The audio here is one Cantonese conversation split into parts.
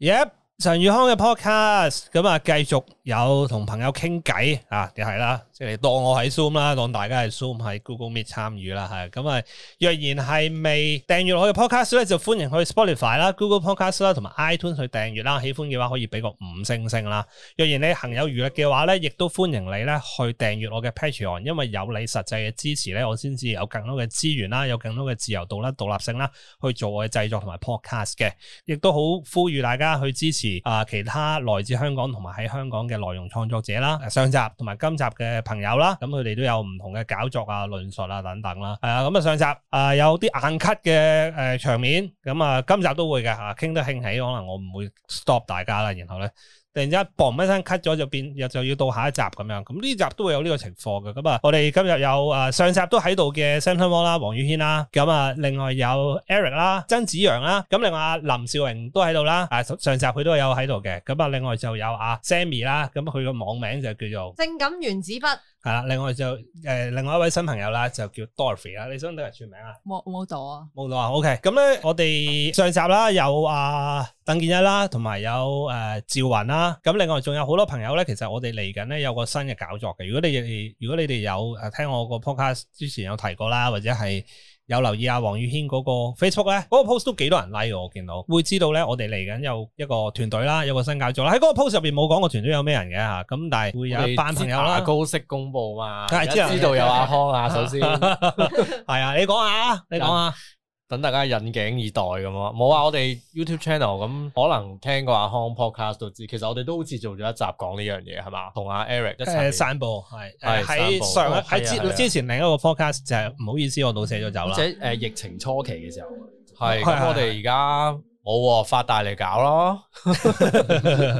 Yep！陳宇康嘅 podcast，咁啊繼續。有同朋友傾偈啊，亦係啦，即係當我喺 Zoom 啦，當大家係 Zoom 喺 Google Meet 參與啦，係咁啊。若然係未訂閱我嘅 Podcast 咧，就歡迎去 Spotify 啦、Google Podcast 啦同埋 iTunes 去訂閱啦。喜歡嘅話，可以俾個五星星啦。若然你行有餘力嘅話咧，亦都歡迎你咧去訂閱我嘅 Patreon，因為有你實際嘅支持咧，我先至有更多嘅資源啦，有更多嘅自由度啦、獨立性啦，去做我嘅製作同埋 Podcast 嘅。亦都好呼籲大家去支持啊、呃，其他來自香港同埋喺香港嘅。內容創作者啦，上集同埋今集嘅朋友啦，咁佢哋都有唔同嘅搞作啊、論述啊等等啦，係啊，咁啊上集啊、呃、有啲硬咳嘅誒場面，咁啊今集都會嘅，吓，傾得興起，可能我唔會 stop 大家啦，然後咧。突然之後，嘣一聲 cut 咗就變又就要到下一集咁樣，咁呢集都會有呢個情況嘅。咁啊，我哋今日有誒上集都喺度嘅 Sammy n g 啦，黃宇軒啦，咁啊，另外有 Eric 啦，曾子陽啦，咁另外阿林少榮都喺度啦，啊上集佢都有喺度嘅，咁啊，另外就有阿 Sammy 啦，咁佢個網名就叫做正感原子筆。係啦，另外就誒、呃，另外一位新朋友啦，就叫 Dorothy 啦，你想點樣署名啊？冇冇朵啊？冇朵啊？OK，咁咧，我哋上集啦有啊、呃、鄧健一啦，同埋有誒趙、呃、云啦，咁另外仲有好多朋友咧，其實我哋嚟緊咧有個新嘅搞作嘅，如果你哋如果你哋有誒聽我個 podcast 之前有提過啦，或者係。有留意啊，黃宇軒嗰個 Facebook 咧，嗰個 post 都幾多人 like 我見到，會知道咧，我哋嚟緊有一個團隊啦，有個新教組啦，喺嗰個 post 入邊冇講個團隊有咩人嘅嚇，咁但係會有班朋友啦，高息公佈嘛，梗係知道有阿康啊，啊首先係啊，你講下，你講下。等大家引頸以待咁咯，冇啊！我哋 YouTube channel 咁可能聽過阿康 podcast 都知，其實我哋都好似做咗一集講呢樣嘢係嘛，同阿 Eric 一齊、嗯、散步，係喺、嗯、沒上喺之、嗯、之前另一個 podcast 就係、是、唔好意思，我腦寫咗走啦，或者誒疫情初期嘅時候，係咁我哋而家冇發大嚟搞咯。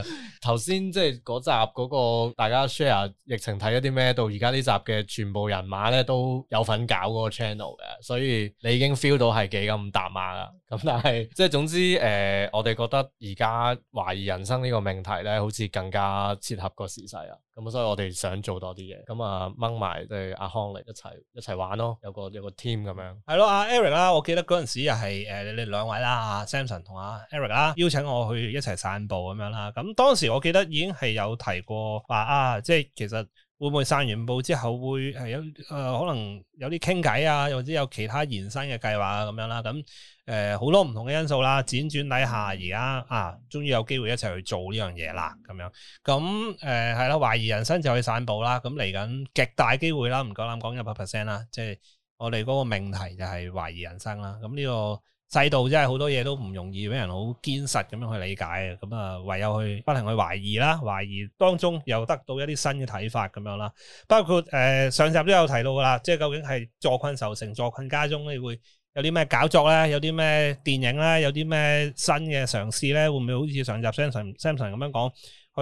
頭先即係嗰集嗰、嗰個大家 share 疫情睇咗啲咩，到而家呢集嘅全部人馬咧都有份搞嗰個 channel 嘅，所以你已經 feel 到係幾咁搭馬啦。咁但係即係總之，誒、呃、我哋覺得而家懷疑人生呢個命題咧，好似更加切合個時勢啊！咁、嗯、所以，我哋想做多啲嘢，咁啊掹埋即係阿康嚟一齊一齊玩咯，有個有個 team 咁樣，係咯阿 Eric 啦，我記得嗰陣時又係誒你哋兩位啦、啊、，Samson 同阿、啊、Eric 啦，邀請我去一齊散步咁樣啦。咁、啊、當時我記得已經係有提過話啊，即係其實。會唔會散完步之後會係有誒，可能有啲傾偈啊，又或者有其他延伸嘅計劃啊咁樣啦？咁誒，好多唔同嘅因素啦，輾轉底下而家啊，終於有機會一齊去做呢樣嘢啦，咁樣咁誒係啦，懷疑人生就去散步啦。咁嚟緊極大機會啦，唔夠膽講一百 percent 啦，即係我哋嗰個命題就係懷疑人生啦。咁呢個。制度真係好多嘢都唔容易俾人好堅實咁樣去理解嘅，咁啊唯有去不停去懷疑啦，懷疑當中又得到一啲新嘅睇法咁樣啦。包括誒、呃、上集都有提到噶啦，即係究竟係坐困愁城、坐困家中，你會有啲咩搞作咧？有啲咩電影咧？有啲咩新嘅嘗試咧？會唔會好似上集 Samson Samson 咁樣講？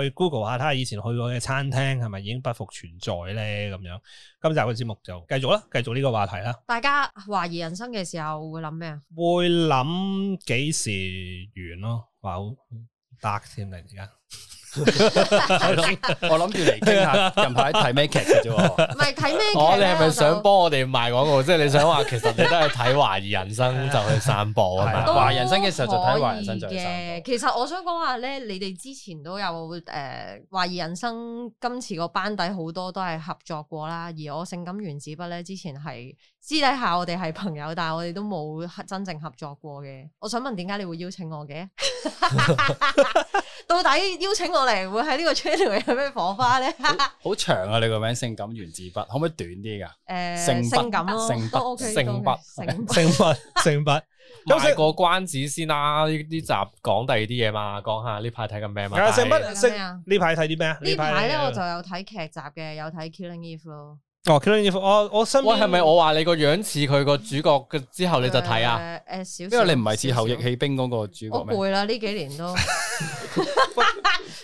去 Google 下睇下以前去過嘅餐廳係咪已經不復存在咧咁樣，今集嘅節目就繼續啦，繼續呢個話題啦。大家懷疑人生嘅時候會諗咩啊？會諗幾時完咯，話好得添嚟而家。 我諗住嚟傾下近排睇咩劇嘅啫。唔係睇咩劇。你是是我哋係咪想幫我哋賣廣告？即係 你想話，其實你都係睇《懷疑人生就》就去散步啊嘛。懷疑人生嘅時候就睇《懷疑人生》就其實我想講話咧，你哋之前都有誒呃、《懷疑人生》今次個班底好多都係合作過啦。而我《性感原子筆》咧之前係私底下我哋係朋友，但係我哋都冇真正合作過嘅。我想問點解你會邀請我嘅？ 到底邀請我嚟會喺呢個 channel 有咩火花咧？好長啊！你個名性感原子筆，可唔可以短啲噶？誒，性感咯，性筆，性筆，性筆，性筆，賣個關子先啦！呢啲集講第二啲嘢嘛，講下呢排睇緊咩？係啊，性筆，性啊！呢排睇啲咩？呢排咧我就有睇劇集嘅，有睇 Killing Eve 咯。哦，Killing Eve，我我身邊係咪我話你個樣似佢個主角嘅之後你就睇啊？誒誒，少，因為你唔係似後翼棄兵嗰個主角。我攰啦，呢幾年都。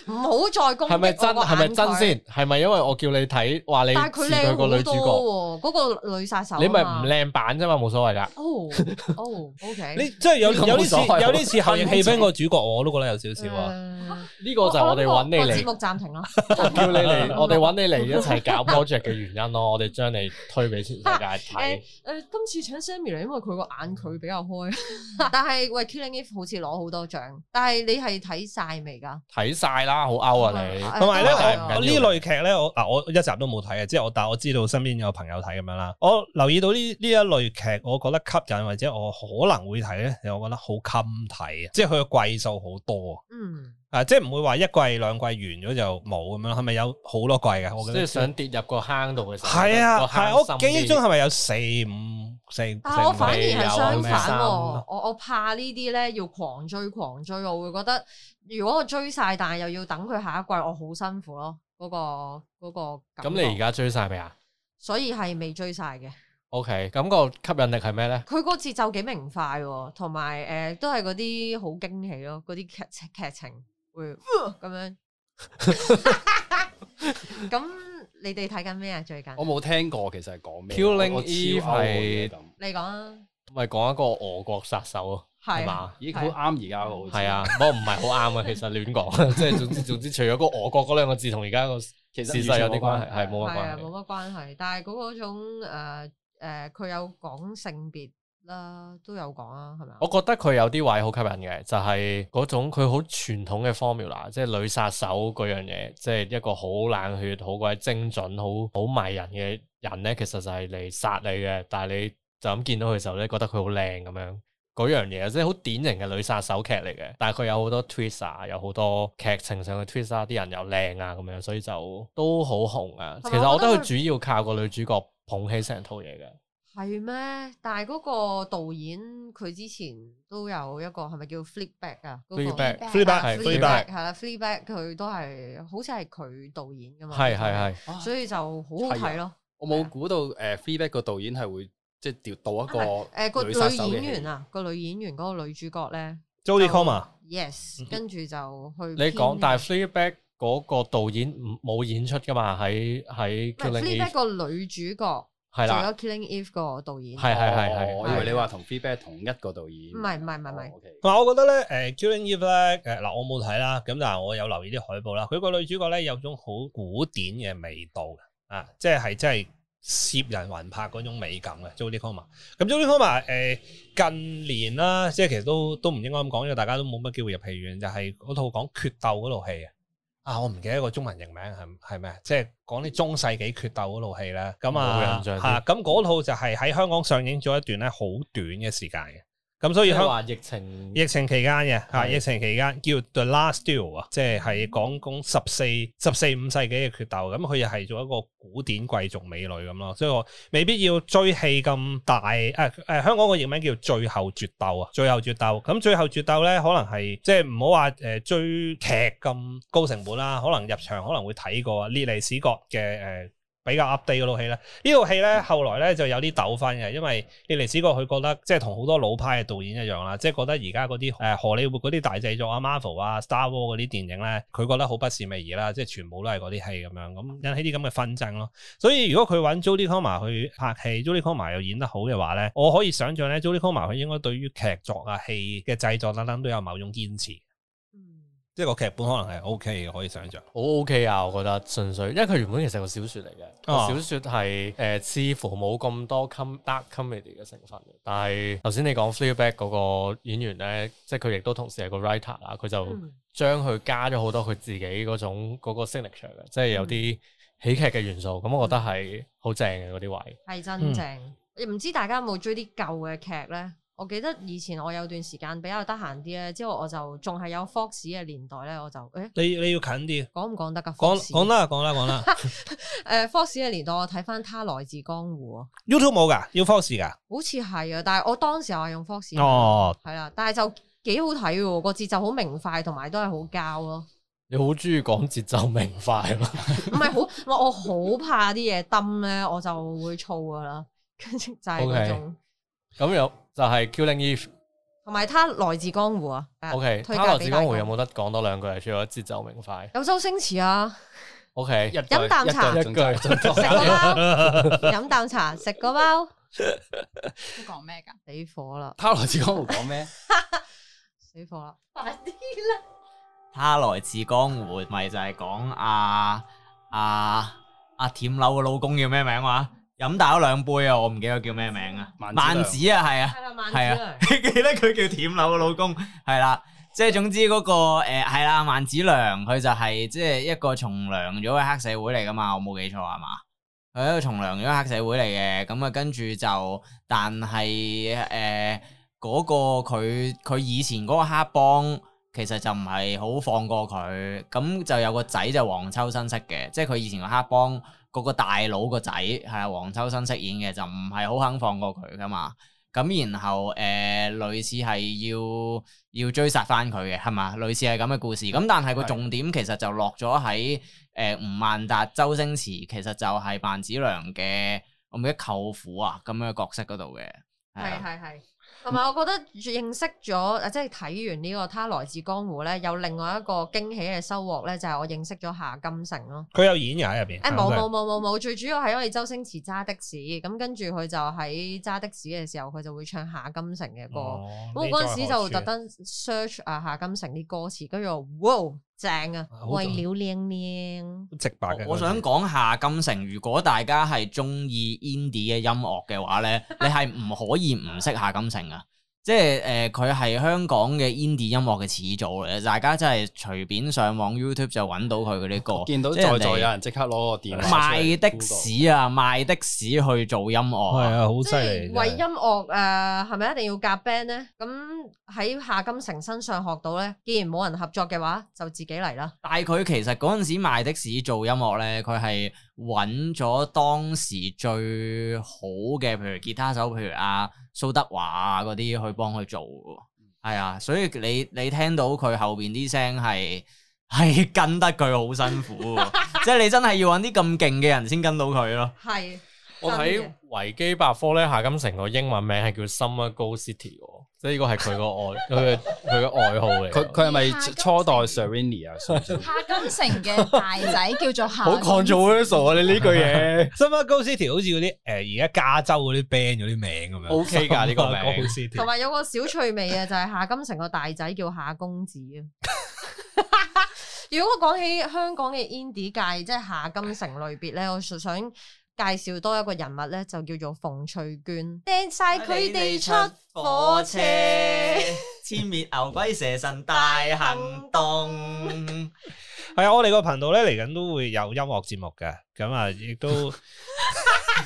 唔好 再攻擊。係咪真？係咪真先？係咪因為我叫你睇話你、那個女主角、你，你？但係佢靚好多，嗰個女殺手。你咪唔靚版啫嘛，冇所謂噶。哦，哦，OK。你即係有有啲似有啲似后影戲片個主角，我都覺得有少少。呢、嗯啊這個就我哋揾你嚟。節目暫停啦。 我叫你嚟，我哋揾你嚟一齊搞 project 嘅原因咯。 我哋將你推俾全世界睇。誒、啊呃呃，今次請 Sammy 嚟，因為佢個眼距比較開。 但係喂，Killing Eve 好似攞好多獎。但係你係睇。睇晒未噶？睇晒啦，好 out 啊你！同埋咧，我呢類劇咧，我嗱我一集都冇睇嘅，即係我但我知道身邊有朋友睇咁樣啦。我留意到呢呢一類劇，我覺得吸引或者我可能會睇咧，又我覺得好襟睇啊！即係佢嘅貴數好多啊。嗯。啊！即係唔會話一季兩季完咗就冇咁樣，係咪有好多季㗎？我即係想跌入個坑度嘅時候？係啊，係、啊、我記憶中係咪有四五四？但我反而係相反，我我怕呢啲咧要狂追狂追，我會覺得如果我追晒，但係又要等佢下一季，我好辛苦咯。嗰、那個嗰、那個感覺。咁你而家追晒未啊？所以係未追晒嘅。O K，咁個吸引力係咩咧？佢個節奏幾明快，同埋誒都係嗰啲好驚喜咯，嗰啲劇劇情。會咁樣，咁你哋睇緊咩啊？最近我冇聽過，其實係講咩？Killing Eve 係咁，你講啊？咪講一個俄國殺手啊？係嘛？咦，好啱而家，係啊，不過唔係好啱啊。其實亂講，即係總之總之，除咗個俄國嗰兩個字，同而家個事實有啲關係，係冇乜關係，冇乜關係。但係嗰嗰種誒誒，佢有講性別。啦，uh, 都有講啊，係咪，我覺得佢有啲位好吸引嘅，就係嗰種佢好傳統嘅 formula，即係女殺手嗰樣嘢，即係一個好冷血、好鬼精準、好好迷人嘅人咧。其實就係嚟殺你嘅，但係你就咁見到佢嘅時候咧，覺得佢好靚咁樣嗰樣嘢，即係好典型嘅女殺手劇嚟嘅。但係佢有好多 twister，有好多劇情上嘅 twister，啲人又靚啊咁樣，所以就都好紅啊。其實我覺得佢主要靠個女主角捧起成套嘢嘅。係咩？但係嗰個導演佢之前都有一個係咪叫 Fleabag 啊 Fleabag f 係 Fleabag 係啦。Fleabag 佢都係，好似係佢導演噶嘛？係係係，所以就好好睇咯。我冇估到誒 Fleabag 個導演係會即係調到一個誒個女演員啊，個女演員嗰個女主角咧，Jodie Comer。Yes，跟住就去。你講，但係 Fleabag 嗰個導演冇演出噶嘛？喺喺。Fleabag 個女主角。除咗，Killing Eve 個導演。係係係，我以為你話同 feedback 同一個導演。唔係唔係唔係。我覺得呢，《誒 Killing Eve 呢，誒嗱我冇睇啦，咁但係我有留意啲海報啦。佢個女主角呢，有種好古典嘅味道啊，即係真係攝人魂魄嗰種美感嘅。Jodie Comer 嘛、er，咁 Jodie Comer 嘛誒近年啦，即係其實都都唔應該咁講，因為大家都冇乜機會入戲院，就係、是、嗰套講決鬥嗰套戲啊。啊！我唔記得個中文譯名係係咩？即係講啲中世紀決鬥嗰套戲啦。咁、嗯、嗰套就係喺香港上映咗一段咧，好短嘅時間。咁所以香喺疫情疫情期間嘅嚇，的疫情期間叫 The Last Duel 啊，即係係講講十四、十四五世紀嘅決鬥，咁佢又係做一個古典貴族美女咁咯。所以我未必要追戲咁大誒誒、啊啊啊，香港個譯名叫最後決鬥啊，最後決鬥。咁最後決鬥咧，可能係即係唔好話誒追劇咁高成本啦，可能入場可能會睇過呢歷史角嘅誒。呃比較 update 嗰套戲咧，呢套戲咧後來咧就有啲糾紛嘅，因為列尼史葛佢覺得即係同好多老派嘅導演一樣啦，即係覺得而家嗰啲誒荷里活嗰啲大製作啊、Marvel 啊、Star Wars 嗰啲電影咧，佢覺得好不是味兒啦，即係全部都係嗰啲戲咁樣，咁引起啲咁嘅紛爭咯。所以如果佢揾 Jodie Comer、er、去拍戲，Jodie Comer、er、又演得好嘅話咧，我可以想象咧 Jodie Comer 佢、er、應該對於劇作啊、戲嘅製作等等都有某種堅持。即係個劇本可能係 OK 嘅，可以想象好 OK 啊！我覺得純粹，因為佢原本其實個小說嚟嘅。啊、小說係誒、呃，似乎冇咁多 com dark comedy 嘅成分，但係頭先你講 Fleabag 嗰、嗰個演員咧，即係佢亦都同時係個 writer 啊，佢就將佢加咗好多佢自己嗰種嗰個 signature 嘅、嗯，即係有啲喜劇嘅元素。咁我覺得係好正嘅嗰啲位，係真正。唔、嗯、知大家有冇追啲舊嘅劇咧？我記得以前我有段時間比較得閒啲咧，之後我就仲係有 Fox 嘅年代咧，我就誒，欸、你你要近啲講唔講得噶？講講啦，講啦講，講啦 Fox。誒、 呃、，Fox 嘅年代我睇翻他來自江湖。YouTube 冇噶，要 Fox 噶？好似係啊，但係我當時我係用 Fox 哦，係啦，但係就幾好睇嘅，個節奏好明快，同埋都係好膠咯。你好中意講節奏明快啊嘛？唔係好，我好怕啲嘢冧咧，我就會燥噶啦，跟住就係、是、嗰種。Okay. 咁有就係 Killing Eve，同埋他來自江湖啊。O Okay , K，他來自江湖有冇得講多兩句？除咗節奏明快，有周星馳啊。O K，飲啖茶，食個飲啖茶，食 個包。都講咩噶？死火啦！ 他來自江湖講咩？ 死火啦了！快啲啦！他來自江湖咪就係講阿阿阿舔樓嘅老公叫咩名話？飲大咗兩杯子啊！我唔、啊、 記得叫咩名啊，萬萬子啊，係啊，係啊，你記得佢叫舔樓嘅老公係啦，即係總之嗰、嗰個誒係啦，萬子良佢就係即係一個從良咗嘅黑社會嚟噶嘛，我冇記錯係嘛？佢一個從良咗黑社會嚟嘅，咁啊跟住就，但係誒嗰個佢佢以前嗰個黑幫其實就唔係好放過佢，咁就有個仔就黃秋生飾嘅，即係佢以前個黑幫。個個大佬個仔係阿黃秋生飾演嘅，就唔係好肯放過佢噶嘛。咁然後誒、呃，類似係要要追殺翻佢嘅，係嘛？類似係咁嘅故事。咁但係個重點其實就落咗喺誒吳孟達、周星馳，其實就係萬梓良嘅我唔記得舅父啊咁樣嘅角色嗰度嘅。係係係。同埋，我覺得認識咗，即係睇完呢個《他來自江湖》咧，有另外一個驚喜嘅收穫咧，就係、是、我認識咗夏金城咯。佢有演員喺入邊？誒冇冇冇冇冇，最主要係因為周星馳揸的士，咁跟住佢就喺揸的士嘅時候，佢就會唱夏金城嘅歌。咁我嗰陣時就特登 search 啊夏金城啲歌詞，跟住我正啊，為了靚靚，領領好直白嘅。我，我想講下金城，如果大家係中意 Indie 嘅音樂嘅話咧，你係唔可以唔識下金城啊。即係誒，佢、呃、係香港嘅 indie 音樂嘅始祖嚟，大家真係隨便上網 YouTube 就揾到佢嗰啲歌，見到在座有人即刻攞個電，賣的士啊，對賣的士去做音樂，係啊，好犀利。是的為音樂誒，係、呃、咪一定要夾 band 呢？咁喺夏金城身上學到呢，既然冇人合作嘅話，就自己嚟啦。但係佢其實嗰陣時賣的士做音樂呢，佢係。揾咗當時最好嘅，譬如吉他手，譬如阿、啊、蘇德華啊嗰啲去幫佢做，係啊、嗯，所以你你聽到佢後邊啲聲係係跟得佢好辛苦， 即係你真係要揾啲咁勁嘅人先跟到佢咯。係， 我睇維基百科咧，夏金城個英文名係叫 Summer Go City 喎。呢個係佢個愛，佢嘅佢嘅愛好嚟。佢佢係咪初代 Sirenia？夏金城嘅大仔叫做夏。好 Conjugal 啊！你呢句嘢。新 u 高 City 好似嗰啲誒而家加州嗰啲 band 嗰啲 名咁樣。O K 㗎，呢個名。同埋有個小趣味啊，就係夏金城個大仔叫夏公子啊。 如果我講起香港嘅 indie 界，即係夏金城類別咧，我想。介紹多一個人物咧，就叫做馮翠娟。掟晒佢哋出火車，殲滅牛鬼蛇神大行動。係啊， 我哋個頻道咧嚟緊都會有音樂節目嘅，咁啊，亦都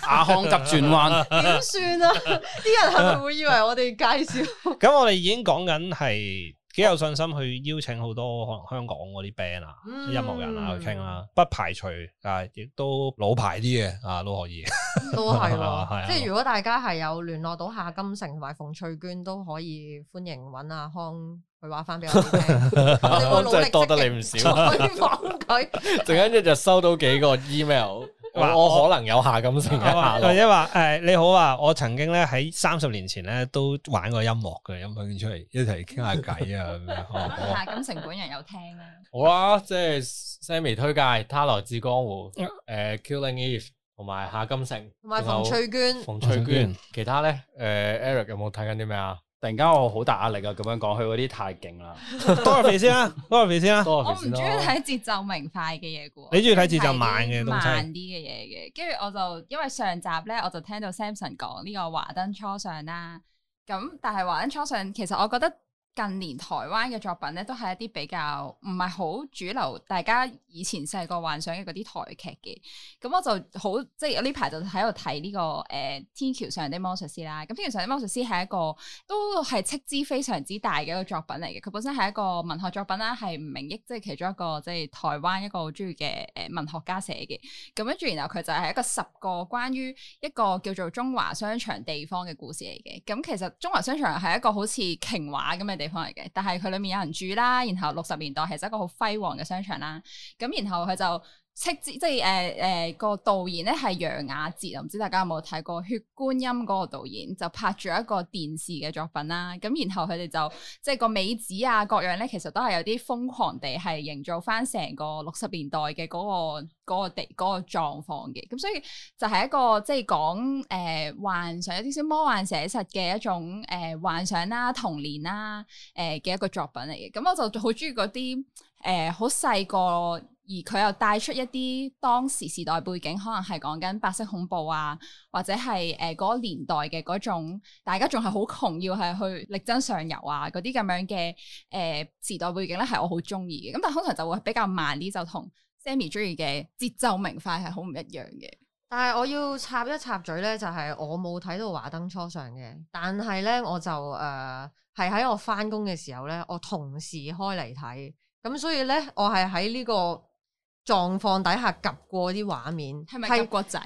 阿康急轉彎，點 算啊？啲人係咪會以為我哋介紹？咁 我哋已經講緊係。幾有信心去邀請好多可能香港嗰啲 band 啊、嗯、音樂人啊去傾啦，不排除啊，亦都老牌啲嘅啊都可以。 都係咯， 啊、即係如果大家係有聯絡到夏金城同埋馮翠娟，都可以歡迎揾阿康去話翻俾我聽。真係多得你唔少，揾佢，陣間一日收到幾個 email。 我可能有夏金城啊，或者話你好啊，我曾經咧喺三十年前都玩過音樂嘅，音樂出嚟一齊傾下偈啊。夏金城本人有聽啊？好啊，即係 Sammy 推介，他來自江湖，誒、嗯呃、Killing Eve 同埋夏金城同埋馮翠娟，馮翠娟，翠娟其他呢誒、呃、Eric 有冇睇緊啲咩啊？突然間我好大壓力啊！咁樣講，佢嗰啲太勁啦、 啊。多我皮先啦，啊，多我皮先啦。我唔中意睇節奏明快嘅嘢嘅。你中意睇節奏慢嘅，慢啲嘅嘢嘅。跟住我就因為上集咧，我就聽到 Samson 講呢個華燈初上啦。咁但係華燈初上，初上其實我覺得。近年台灣嘅作品咧，都係一啲比較唔係好主流，大家以前細個幻想嘅嗰啲台劇嘅。咁我就好，即係我呢排就喺度睇呢個誒、呃、天橋上啲魔術師啦。咁《天橋上啲魔術師》係一個都係斥資非常之大嘅一個作品嚟嘅。佢本身係一個文學作品啦，係吳明益，即、就、係、是、其中一個即係、就是、台灣一個好中意嘅誒文學家寫嘅。咁跟住，然後佢就係一個十個關於一個叫做中華商場地方嘅故事嚟嘅。咁其實中華商場係一個好似瓊華咁嘅地。嚟嘅，但係佢裏面有人住啦，然後六十年代其實一個好輝煌嘅商場啦，咁然後佢就。斥即係誒誒個導演咧係楊雅哲，我、呃、唔、呃、知大家有冇睇過《血觀音》嗰、嗰個導演就拍咗一個電視嘅作品啦。咁然後佢哋就即係個美子啊各樣咧，其實都係有啲瘋狂地係營造翻成個六十年代嘅嗰、嗰個嗰、嗰個地、嗰個狀況嘅。咁所以就係一個即係講誒幻想有啲小魔幻寫實嘅一種誒、呃、幻想啦、啊、童年啦誒嘅一個作品嚟嘅。咁我就好中意嗰啲誒好細個。呃而佢又帶出一啲當時時代背景，可能係講緊白色恐怖啊，或者係誒嗰個年代嘅嗰種，大家仲係好窮，要係去力爭上游啊，嗰啲咁樣嘅誒、呃、時代背景咧，係我好中意嘅。咁但係通常就會比較慢啲，就同 Sammy 中意嘅節奏明快係好唔一樣嘅。但係我要插一插嘴咧，就係我冇睇到華燈初上嘅，但係咧我就誒係喺我翻工嘅時候咧，我同事開嚟睇，咁所以咧我係喺呢個。狀況底下 𥄫 過啲畫面，係咪 𥄫 國仔？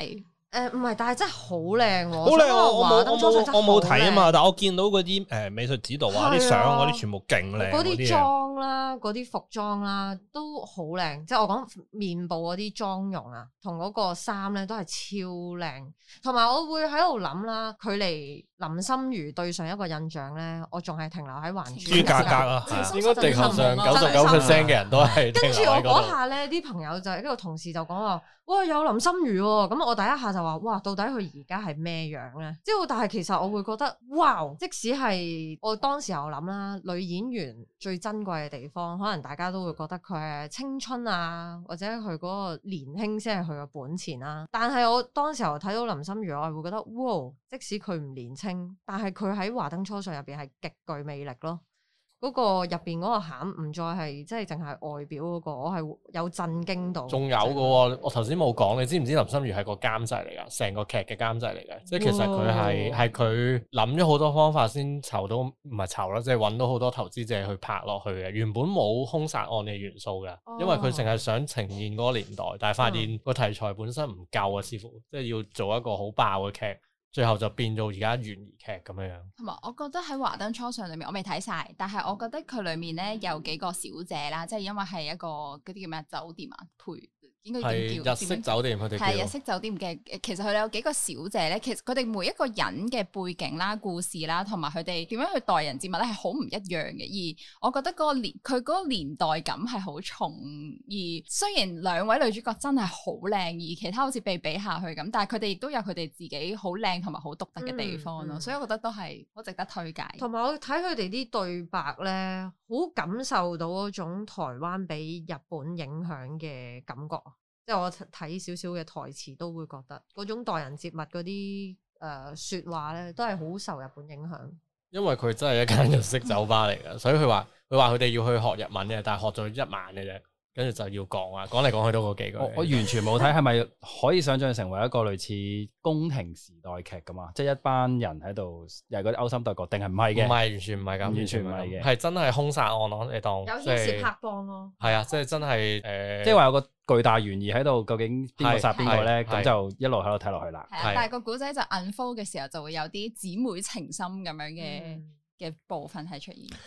誒，唔係、呃，但係真係好靚喎！好靚，我冇我冇我冇睇啊嘛，但我見到嗰啲誒美術指導啊，啲相嗰啲全部勁靚，嗰啲妝啦，嗰啲服裝啦，都好靚。即係我講面部嗰啲妝容啊，同嗰個衫咧都係超靚。同埋我會喺度諗啦，距離林心如對上一個印象咧，我仲係停留喺還珠格格,格, 格,格,格啊， 應該地球上九十九 percent 嘅人都係。 跟住我嗰下咧，啲、那個、朋友就係呢、那個同事就講話：，哇、哎，有林心如咁、啊！我第一下就。話哇，到底佢而家係咩樣呢？即係，但係其實我會覺得哇，即使係我當時候諗啦，女演員最珍貴嘅地方，可能大家都會覺得佢係青春啊，或者佢嗰個年輕先係佢嘅本錢啦、啊。但係我當時候睇到林心如，我會覺得哇，即使佢唔年輕，但係佢喺華燈初上入邊係極具魅力咯。嗰個入邊嗰個餡唔再係即係淨係外表嗰、嗰個，我係有震驚到。仲有嘅、就係、我頭先冇講，你知唔知林心如係個監製嚟㗎？成個劇嘅監製嚟嘅，即係其實佢係係佢諗咗好多方法先籌到，唔係籌啦，即係揾到好多投資者去拍落去嘅。原本冇兇殺案嘅元素㗎，哦、因為佢淨係想呈現嗰個年代，但係發現個題材本身唔夠啊，似乎，即係要做一個好爆嘅劇。最後就變到而家懸疑劇咁樣。同埋，我覺得喺華燈初上裏面，我未睇晒，但係我覺得佢裏面咧有幾個小姐啦，即係因為係一個嗰啲叫咩酒店啊，陪。係日式酒店，佢哋係日式酒店嘅。其實佢哋有幾個小姐咧，其實佢哋每一個人嘅背景啦、故事啦，同埋佢哋點樣去待人接物咧，係好唔一樣嘅。而我覺得嗰個年，佢嗰個年代感係好重。而雖然兩位女主角真係好靚，而其他好似被比下去咁，但係佢哋亦都有佢哋自己好靚同埋好獨特嘅地方咯。嗯嗯、所以我覺得都係好值得推介。同埋我睇佢哋啲對白咧。好、哦、感受到嗰種台灣俾日本影響嘅感覺，即係我睇少少嘅台詞都會覺得嗰種待人接物嗰啲誒説話咧，都係好受日本影響。因為佢真係一間日式酒吧嚟嘅， 所以佢話佢話佢哋要去學日文嘅，但係學咗一晚嘅啫。跟住就要講啊，講嚟講去都嗰幾句我。我完全冇睇，係咪可以想象成為一個類似宮廷時代劇噶嘛？即係一班人喺度又係嗰啲勾心鬥角，定係唔係嘅？唔係，完全唔係噶，完全唔係嘅，係真係凶殺案咯，你當有牽涉黑幫咯？係啊，就是嗯、即係真係誒，即係話有個巨大懸疑喺度，究竟邊個殺邊個咧？咁就一路喺度睇落去啦。係，但係個古仔就 unfold 嘅時候，就會有啲姊妹情深咁樣嘅嘅部分係出現。嗯